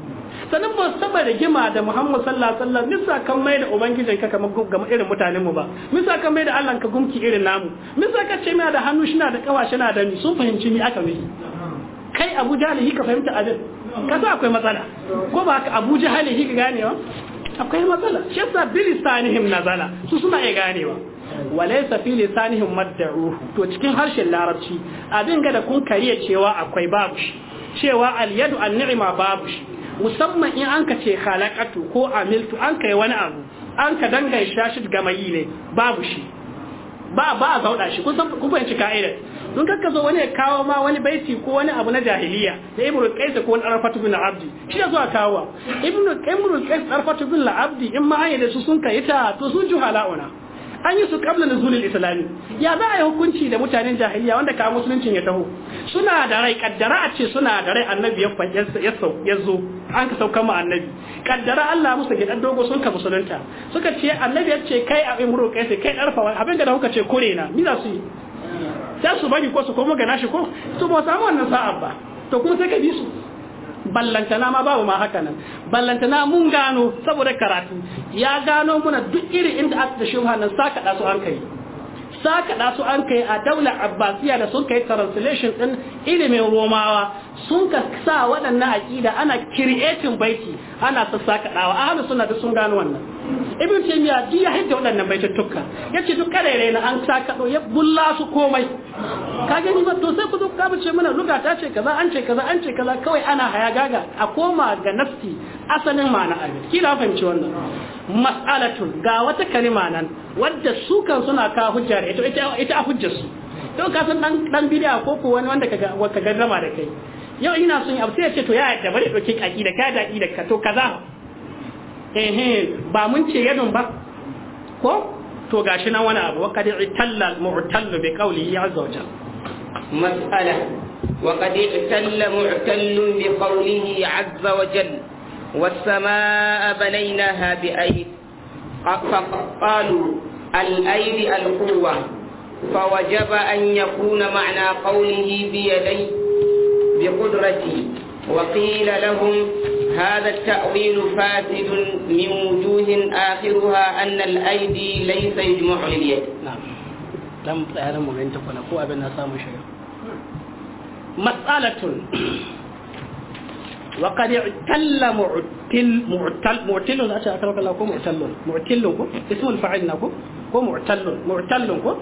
A: sanin ba saba rigima da Muhammad sallallahu alaihi wasallam misa kan mai da ubangijin ka kamar gama irin mutanen mu ba misa kan mai da Allah ka gumki irin namu misa ka ce mai da hannu shi na da kawa shi na da ni sun fahimci ni aka mai kai Abu Jahal ka fahimta abin ka sa akwai matsala ko ba ka Abu Jahal ka ganewa akwai matsala shi yasa bilisanihim nazala su suna iya ganewa walaysa fi lisanihim madda'u to cikin harshen larabci abin ga da kun kariya cewa akwai babu shi cewa al yadu an ni'ima babu shi musamman in an ka ce halakatu ko amiltu an ka yi wani abu an ka dangaita shi ga mai ne babu shi ba ba a zauɗa shi kun fahimci ka'idar don kakka zo wani ya kawo ma wani baiti ko wani abu na jahiliya da ibrahim kaisa ko wani arafatu bin abdi shi da zuwa kawo ibnu ibnu qais bin abdi in ma an yi da su sun kai ta to sun an yi su kabla zulul islami ya za a yi hukunci da mutanen jahiliya wanda ka musuluncin ya taho suna da rai kaddara a ce suna da rai annabi ya ya zo an ka sauka ma annabi kaddara Allah musu gidan dogo sun ka musulunta suka ce annabi ya ce kai a imro kai sai kai darfa abin da kuka ce kore na ni za su yi sai su bari ko su koma ga nashi ko su ba samu wannan sa'a ba to kuma sai ka bi su ballantana ma babu ma haka nan ballantana mun gano saboda karatu ya gano muna duk iri inda aka da shubha nan saka su an kai sakaɗa su an kai a daula abbasiya da sun kai translation ɗin ilimin romawa sun ka sa waɗannan aƙida ana creating baiti ana sassakaɗawa ahalu suna da sun gano wannan ibn taymiya duk ya hidda waɗannan baitattuka yace duk kare na an sakaɗo ya bulla su komai ka gani ba to sai ku zo ka bace mana luga ta ce kaza an ce kaza an ce kaza kawai ana gaga a koma ga nafsi asalin ma'ana abin kila fahimci wannan mas'alatun ga wata kalima nan wadda su kan suna ka hujja ita ita a hujjar su don ka san dan dan bid'a ko ko wani wanda kaga ka gaddama da kai yau ina son abu sai ya ce to ya da bari doki kaki da ka da da ka to kaza eh eh ba mun ce yadon ba ko to gashi nan wani abu waqad italla mu'tall bi qawlihi azza wa jalla mas'ala
B: وقد اعتل معتل بقوله عز وجل والسماء بنيناها بأيد فقالوا الأيد القوة فوجب أن يكون معنى قوله بيدي بقدرتي وقيل لهم هذا التأويل فاسد من وجوه آخرها أن الأيدي ليس يجمع لليد
A: نعم لم تعلموا أن تكون قوة أبنا سامو مسألة وقد qad معتل معتل معتل لا a ce الله tarkala ko معتل mu'tillun ko ismul fa'il na ko ko mu'tallun mu'tallun ko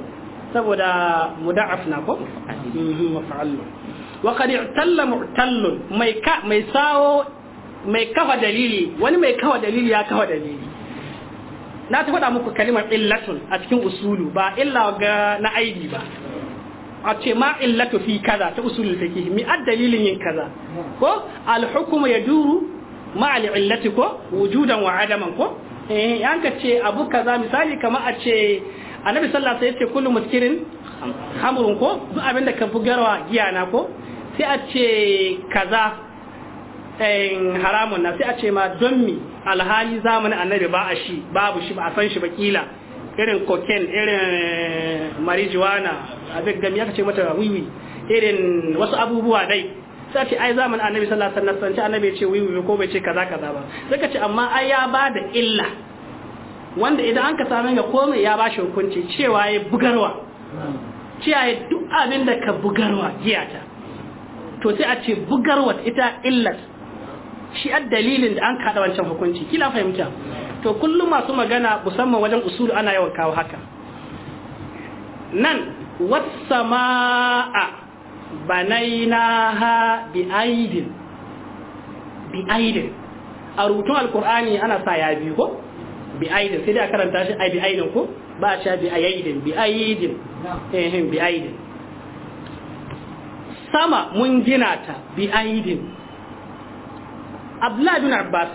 A: saboda muda'af na ko mafa'allun wa qad talla mu'tallun mai ka mai sawo mai kafa dalili wani mai kafa dalili ya na ta faɗa muku kalimar illatun a cikin usulu ba illa ga na aidi ba a ce ma illatu fi kaza ta usulul fiqh mi dalilin yin kaza ko al hukmu yaduru ma al illati ko wujudan wa adaman ko eh an ce abu kaza misali kamar a ce annabi sallallahu alaihi wasallam yace kullu muskirin hamurun ko duk giya na ko sai a ce kaza eh, haramun na sai a ce ma don mi alhali zamanin annabi ba a shi babu shi ba a san shi ba kila irin cocaine irin eh, marijuana abin gami aka ce mata wiwi irin wasu abubuwa dai sai ce ai zaman annabi sallallahu alaihi wasallam sai annabi ya ce wiwi ko bai ce kaza kaza ba sai ka ce amma ai ya ba da illa wanda idan an ka same ga komai ya ba shi hukunci cewa ya bugarwa cewa duk abin da ka bugarwa giyata to sai a ce bugarwa ita illat shi a dalilin da an kada wancan hukunci kila fahimta to kullum masu magana musamman wajen usulu ana yawan kawo haka nan wasama'a banainaha bi aidin bi aidin a rubutun alkur'ani ana sa ya biyu ko bi aidin sai dai a karanta shi a bi aidin ko ba a sha bi aidin bi aidin bi aidin sama mun gina ta bi aidin abdullahi bin Abbas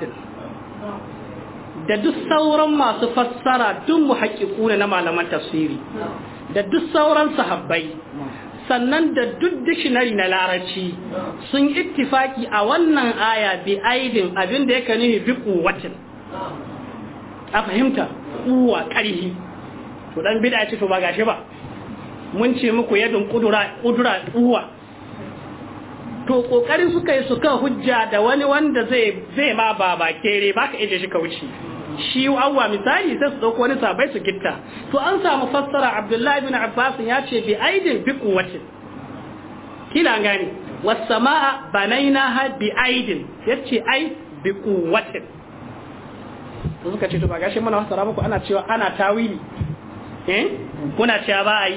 A: da duk sauran masu fassara duk mu na malaman tafsiri da duk sauran sahabbai sannan da duk Dishinari na larabci sun ittifaki a wannan aya bi aidin abin da yake nufi bi kuwatin a fahimta uwa karihi. to dan bid'a ce to ba gashi ba mun ce muku yadin kudura kudura uwa to kokarin suka yi suka hujja da wani wanda zai zai ma ba ba kere baka ije shi wuce. shi awwa misali sai su dauko wani sabai su gitta to an samu fassara abdullahi bin abbas ya ce bi aidin bi quwwatin kila gane was samaa banainaha bi aidin yace ai bi quwwatin to suka ce to ba gashi muna fassara muku ana cewa ana tawili eh kuna cewa ba ai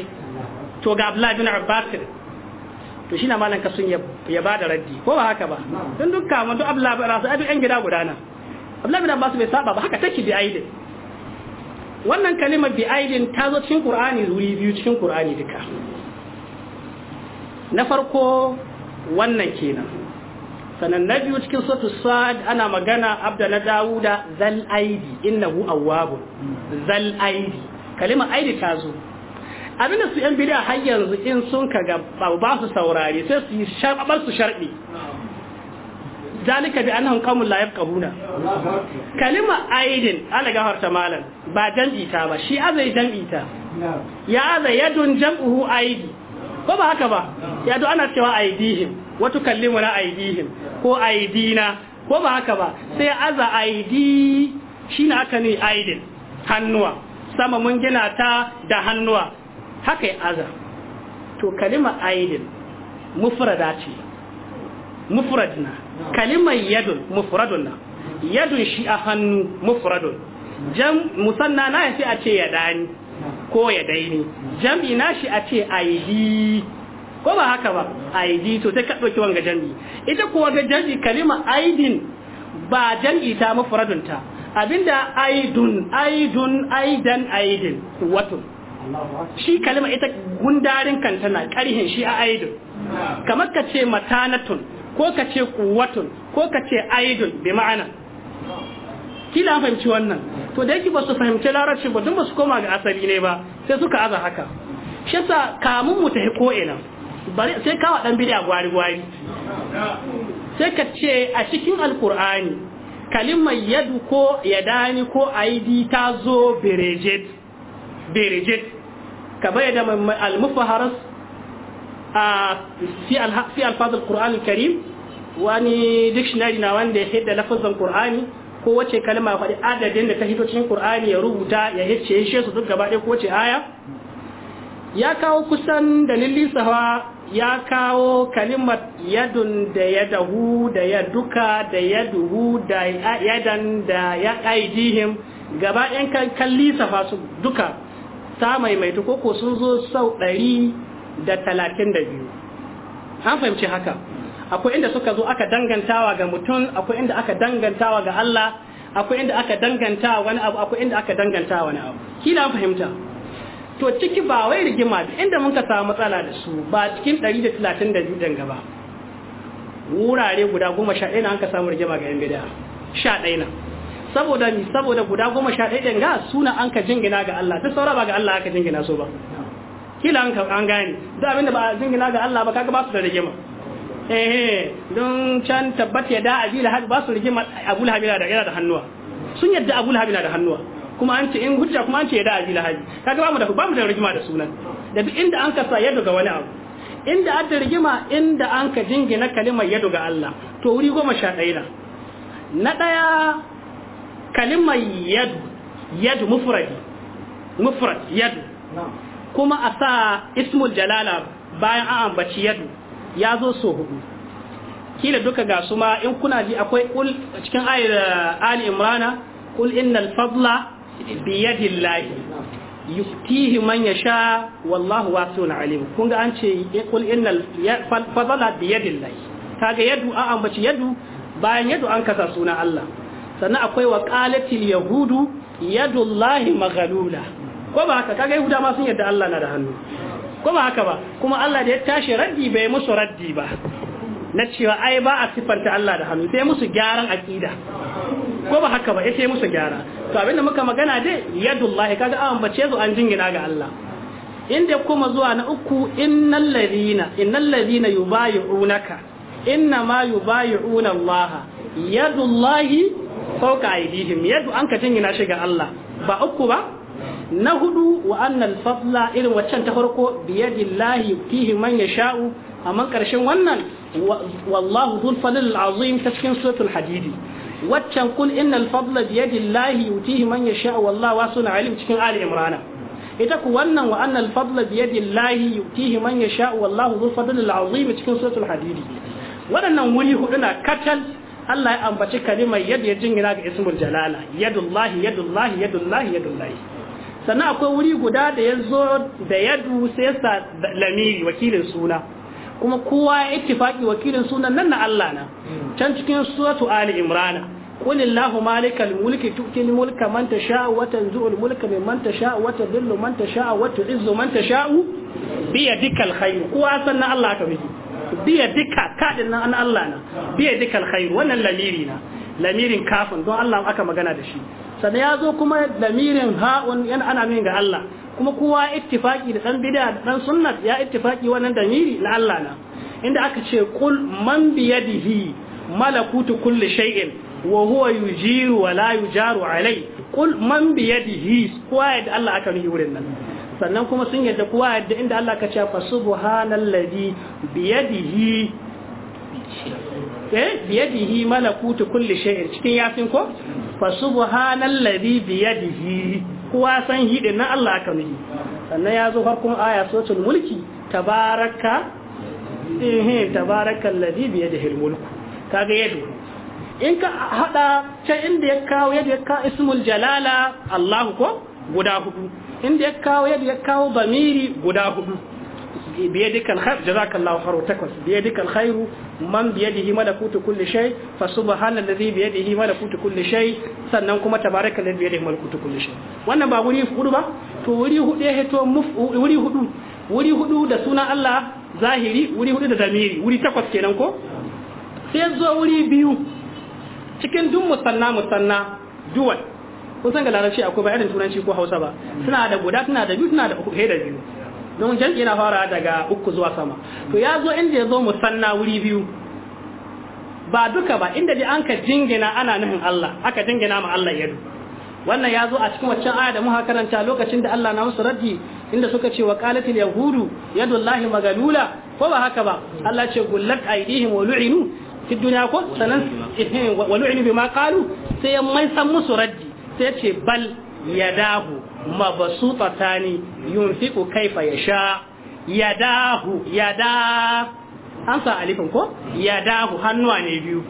A: to ga abdullahi bin abbas to shi na malan kasun ya bada raddi ko ba haka ba dan dukka mun duk abdullahi bin abbas ai duk yan gida gudana Abdullahi bin Abbas bai saba ba haka take bi aidin wannan kalimar bi aidin ta zo cikin Qur'ani wuri biyu cikin Qur'ani duka na farko wannan kenan sanan na biyu cikin suratu sad ana magana abda na dawuda zal aidi innahu awwab zal aidi kalimar aidi ta zo abinda su yan bid'a har yanzu in sun kaga ba su saurare sai su yi sharɓar su sharɓi zalika bi annahum qaumun la yafqahuna kalima aidin ala gafarta malan ba jam'i ta ba shi azai jam'i ta ya azai yadun jam'uhu aidi ko ba haka ba ya yadu ana cewa aidihim wato na aidihim ko aidina ko ba haka ba sai aza aidi shine aka ne aidin hannuwa sama mun gina ta da hannuwa haka ya aza to kalima aidin mufrada ce mufradna kalimar yadun mufradun na yadun shi a hannu mufradun jam musanna na ce a ce ya dani ko ya daini jam'i na shi a ce aidi ko ba haka ba aidi to sai ka dauki wanga jam'i ita kuwa ga jam'i kalima aidin ba jam'i ta mufradun ta abinda aidun aidun aidan aidin wato shi kalima ita gundarin kanta na karihin shi a aidun kamar ka ce matanatun ko ka ce kuwatun ko ka ce aidun bi ma'ana kila fahimci wannan to da yake ba su fahimci larabci ba dun ba su koma ga asali ne ba sai suka aza haka shi yasa kamun mu ta ko ina bari sai kawa dan bid'a gwari gwari sai ka ce a cikin alkur'ani kalimar yadu ko yadani ko aidi ta zo berejet berejet ka bayyana al-mufaharas fi alfazul qur'anul karim wani dictionary na wanda ya hidda lafazan Kur'ani. ko wace kalma faɗi adadin da ta hito cikin qur'ani ya rubuta ya hicce shi su duk gaba ɗaya ko wace aya ya kawo kusan dalilin sawa ya kawo kalimar yadun da yadahu da yaduka da yaduhu da yadan da ya aidihim gaba ɗayan kalli safa su duka ta maimaitu koko sun zo sau ɗari da talatin da biyu an fahimci haka akwai inda suka zo aka dangantawa ga mutum akwai inda aka dangantawa ga Allah akwai inda aka dangantawa wani abu akwai inda aka dangantawa wani abu kila an fahimta to ciki ba wai rigima inda mun ka samu matsala da su ba cikin 132 danga gaba wurare guda goma sha ɗaya na an ka samu rigima ga yan bid'a sha ɗaya na saboda saboda guda goma sha ɗaya ɗin ga suna an ka jingina ga Allah duk saura ba ga Allah aka jingina so ba kila an gane da abin da ba a zingina ga Allah ba kaga ba su da rigima eh don can tabbata ya da abi lahab ba su rigima abu lahab da yana da hannuwa sun yadda abu lahab da hannuwa kuma an ce in hujja kuma an ce ya da abi lahab kaga ba mu da ba mu da rigima da sunan da duk inda an kasa yadda ga wani abu inda an rigima inda an ka jingina kalimar yadda ga Allah to wuri goma sha ɗaya na ɗaya kalimar yadu yadu mufradi mufrad yadu kuma a sa ismul jalala bayan an ambaci yadu ya zo so hudu kila duka ga su ma in kuna ji akwai kul cikin ayar uh, ali imrana kul innal fadla bi yadillahi yuftihi man yasha wallahu wasi'un alim kun ga an ce kul innal fadla bi yadillahi kaga yadu an ambaci yadu bayan yadu an kasa sunan Allah sannan akwai wa qalatil yahudu yadullahi maghlula ko ba haka kaga yahuda ma sun yadda Allah na da hannu ko ba haka ba kuma Allah da ya tashi raddi bai musu raddi ba na cewa ai ba a sifanta Allah da hannu sai musu gyaran aqida ko ba haka ba yace musu gyara to abinda muka magana dai yadullahi kaga an bace zo an jingina ga Allah inda kuma zuwa na uku innal ladina innal ladina yubayyunaka inna ma yubayyuna Allah yadullahi fawqa aydihim yadu an ka jingina shi ga Allah ba uku ba na hudu wa annal fadla irin waccan ta farko biyadillahi yutihi man yasha'u amma karshen wannan wallahu dhul fadl azim ta cikin suratul hadidi waccan kul innal fadla biyadillahi yutihi man yasha'u wallahu wasun alim cikin ali imrana ita ku wannan wa annal fadla biyadillahi yutihi man yasha'u wallahu dhul fadl azim cikin suratul hadidi waɗannan wuri hudu na katal Allah ya ambaci kalimar yadda ya jingina ga ismul jalala yadullahi yadullahi yadullahi yadullahi sannan akwai wuri guda da ya zo da ya sai ya sa lamiri wakilin suna kuma kowa ya ittifaki wakilin sunan nan na Allah na can cikin suratu ali imrana qul illahu malikal mulki tu'ti mulka man tasha'u wa tanzu'u mulka mimman tasha'u wa tudhillu man tasha'u wa tu'izzu man tasha'u bi yadikal khayr kowa sannan Allah ka biki bi yadika kadin nan an Allah na bi yadikal khayr wannan lamiri na lamirin kafin don Allah aka magana da shi sana ya zo kuma damirin ha'un yana ana min ga Allah kuma kowa ittifaki da dan bid'a da dan sunnat ya ittifaki wannan damiri na Allah na inda aka ce qul man bi yadihi malakutu kulli shay'in wa huwa yujiru wa la yujaru alai qul man bi yadihi kowa yadda Allah aka yi wurin nan sannan kuma sun yadda kowa yadda inda Allah ka ce fa subhanallazi bi yadihi eh biyadihi malakutu kulli shay'in cikin yasin ko fa subhanallazi biyadihi Kuwa san hidin nan Allah aka nuhi sannan ya zo farkon aya suratul mulki tabaraka eh tabarakallazi biyadihi almulku kaga yadu in ka hada ce inda ya kawo yadda ya kawo ismul jalala Allah ko guda hudu inda ya kawo yadda ya kawo bamiri guda hudu بيدك الخير جزاك الله خير وتكوس بيدك الخير من بيده ملكوت كل شيء فسبحان الذي بيده ملكوت كل شيء sannan kuma tabaraka alladhi biyadihi malakutu kulli shay wannan ba wuri hudu ba to wuri hudu ya hito wuri hudu wuri da sunan Allah zahiri wuri hudu da damiri wuri takwas kenan ko sai zo wuri biyu cikin dun musanna musanna duwan kun san ga larabci akwai ba irin turanci ko Hausa ba suna da guda suna da biyu suna da uku da biyu don jam'i na fara daga uku zuwa sama to ya zo inda ya zo musanna wuri biyu ba duka ba inda dai an ka jingina ana nufin Allah aka jingina ma Allah yadu wannan ya zo a cikin waccan aya da muka karanta lokacin da Allah na musu raddi inda suka ce wa qalatil yahudu yadullahi magalula ko ba haka ba Allah ce gullat aidihim wa lu'inu fi dunya ko sanan wa lu'inu bima qalu sai mai san musu raddi sai ya ce bal yadahu mabsutatani yunfiqu kaifa yasha yadahu yada an sa alifin ko yadahu hannuwa ne biyu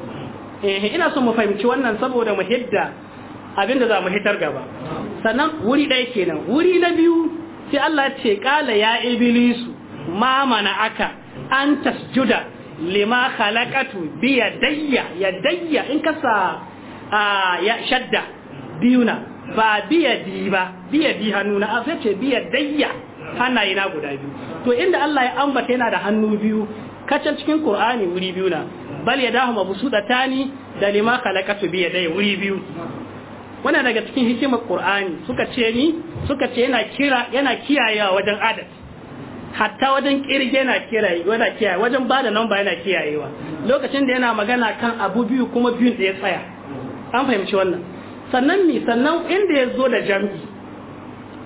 A: eh ina so mu fahimci wannan saboda mu hidda abinda za mu hitar gaba sannan wuri ɗaya kenan wuri na biyu sai Allah ce kala ya ibilisu ma mana aka an tasjuda lima khalaqatu bi yadayya yadayya in kasa ah, ya shadda biyuna ba biya di ba biya di hannu na sai ce biya dayya hannaye na guda biyu to inda Allah ya ambata yana da hannu biyu kacan cikin Qur'ani wuri biyu na bal yadahu mabsudatani da lima khalaqatu biya dai wuri biyu wannan daga cikin hikimar Qur'ani suka ce ni suka ce yana kira yana kiyayewa wajen adad hatta wajen kirge yana kiyaye yana kiyaye wajen bada namba yana kiyayewa lokacin da yana magana kan abu biyu kuma biyun da ya tsaya an fahimci wannan sannan mi sannan inda ya zo da jam'i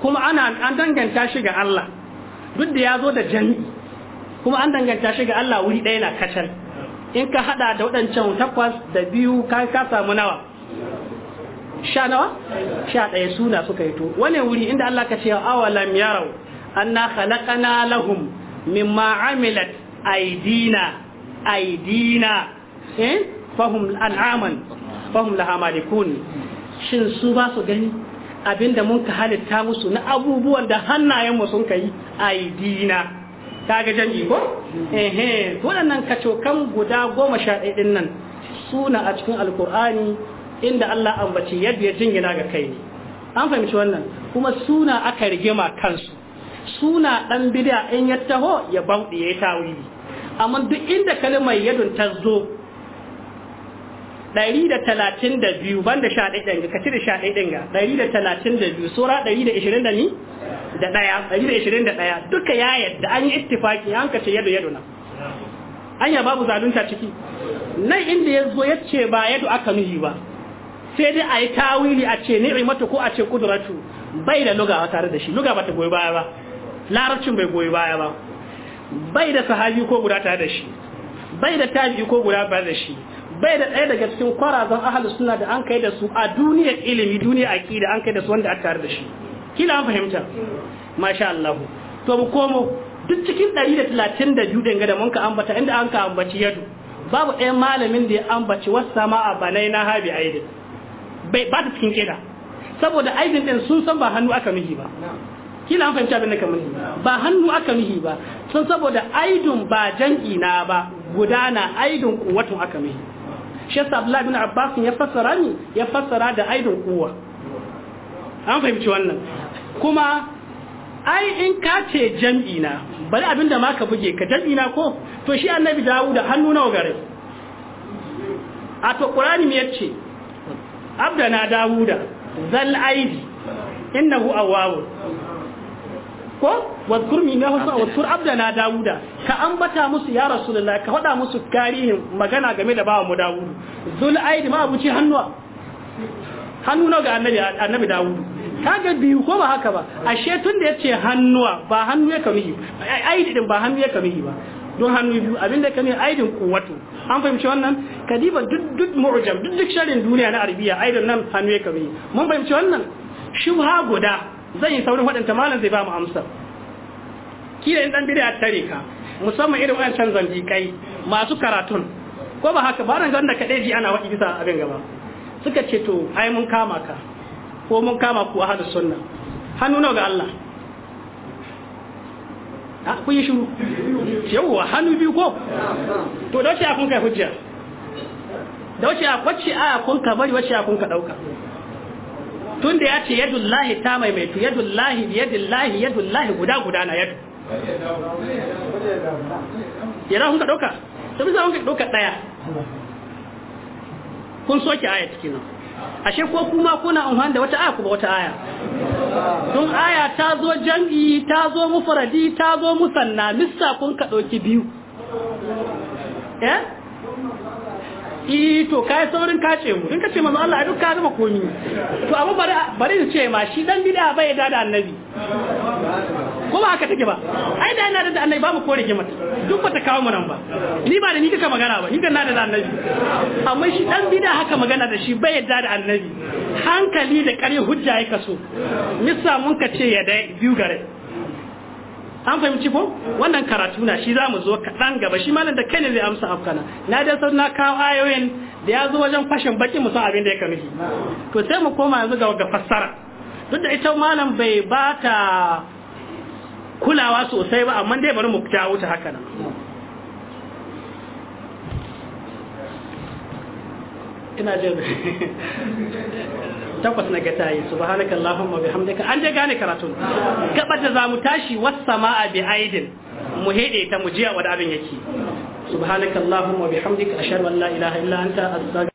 A: kuma ana an danganta shi ga Allah duk da ya zo da jam'i kuma an danganta shi ga Allah wuri ɗaya na kacal in ka hada da waɗancan takwas da biyu ka ka samu nawa sha nawa sha ɗaya suna suka yi to wani wuri inda Allah ka ce lam yarau anna khalaqana lahum mimma amilat aidina aidina eh fahum al'aman fahum laha malikun shin su ba su gani abinda mun ka halitta musu na abubuwan da hannayen mu sun kai aidina ta ga janji ko ehe waɗannan kacokan guda goma sha ɗaya ɗin nan suna a cikin alkur'ani inda Allah ambaci yadda ya jingina ga kai ne an fahimci wannan kuma suna aka rigima kansu suna dan bid'a in ya taho ya bauɗe ya yi tawili amma duk inda kalmar yadun ta zo 132 da talatin da biyu ban da sha ɗaya ɗanga ka sha ɗaya da talatin da biyu sura 120 da ishirin da ni da ɗaya ɗari da ishirin da ɗaya duka ya yadda an yi ittifaki an kace ce yado yado na anya babu zalunta ciki nan inda ya zo ya ce ba yado aka nuhi ba sai dai a yi tawili a ce ni'imatu ko a ce kudratu bai da luga tare da shi luga ba ta goyi baya ba larabcin bai goyi baya ba bai da sahabi ko guda tare da shi bai da tabi ko guda ba da shi bai da ɗaya daga cikin kwarazan ahalus suna da an kai da su a duniyar ilimi duniyar da an kai da su wanda a tare da shi kila an fahimta masha Allah to mu komo duk cikin 132 danga da mun ka ambata inda an ka ambaci yadu babu ɗaya malamin da ya ambaci wasu sama a banai na habi aidin bai ba ta cikin keda saboda aidin ɗin sun san ba hannu aka nuhi ba kila an fahimta abin da kamar ba hannu aka nuhi ba sun saboda aidun ba jan'i na ba gudana aidun kuwatun aka nuhi shi abu Abdullahi ya fassara ni ya fassara da aidin kowa. an fahimci wannan kuma ai in ka ce jam'i na bari abinda ma ka buge ka jam'ina ko to shi annabi da hannu nawa gare a to Qur'ani me yace abdana da zal aidi innahu awwabun ko wadkur min na husa wadkur abdana dawuda ka ambata musu ya rasulullahi ka faɗa musu tarihin magana game da bawa mu dawudu zul aidi ma abuci hannuwa hannu na ga annabi annabi dawudu kaga biyu ko ba haka ba ashe tun da yace hannuwa ba hannu ya kamihi aidi din ba hannu ya kamihi ba don hannu biyu da kamihi aidin kuwatu an fahimci wannan kadiba duk duk mu'jam duk duk sharin duniya na arabiya aidin nan hannu ya kamihi mun fahimci wannan shubha guda zan yi saurin waɗanta malam zai ba mu amsa kila in dan bid'a tare ka musamman irin wancan zambikai masu karatun ko ba haka ba ran ga wanda kadai ji ana wadi bisa abin gaba suka ce to ai mun kama ka ko mun kama ku a ahadus sunna hannu nawa ga Allah a kun yi shiru yawwa hannu biyu ko to da wace a kun kai hujja da wace a kwace a kun ka bari wace a kun ka dauka tun da ya ce lahi ta maimaitu lahi yadullahi lahi guda guda na yadu yana hunka ɗauka ta bisa wanka ɗauka ɗaya kun soke aya cikin nan ashe ko kuma kuna unhan da wata aya kuma wata aya don aya ta zo jam'i ta zo mufaradi ta zo musanna mista kun ka ɗauki biyu eh eh to kai saurin kace mu in kace manzo Allah ai duk ka zama komi to abu bari bari in ce ma shi dan bid'a bai da da annabi ko ba haka take ba ai da ina da annabi babu kore ki mata duk ta kawo mu nan ba ni ba da ni kaka magana ba ni da na da annabi amma shi dan bid'a haka magana da shi bai yadda da annabi hankali da kare hujja yake so misa mun ka ce ya dai biyu gare an fahimci ko wannan karatu na shi mu zo kaɗan gaba shi malam da kai ne zai amsa afkana na da san na kawo ayoyin da ya zo wajen fashin baki mu san abin da ya shi to sai mu koma yanzu ga ga fassara duk da ita malam bai bata kulawa sosai ba amma dai bari mu ta wuce haka nan ina jin takwas na gata yi subhanaka allahumma bihamdika an je gane karatun gabar da zamu tashi was samaa bi aidin mu hede ta mu jiya wada abin yake subhanaka allahumma bihamdika ashhadu an la ilaha illa anta astaghfiruka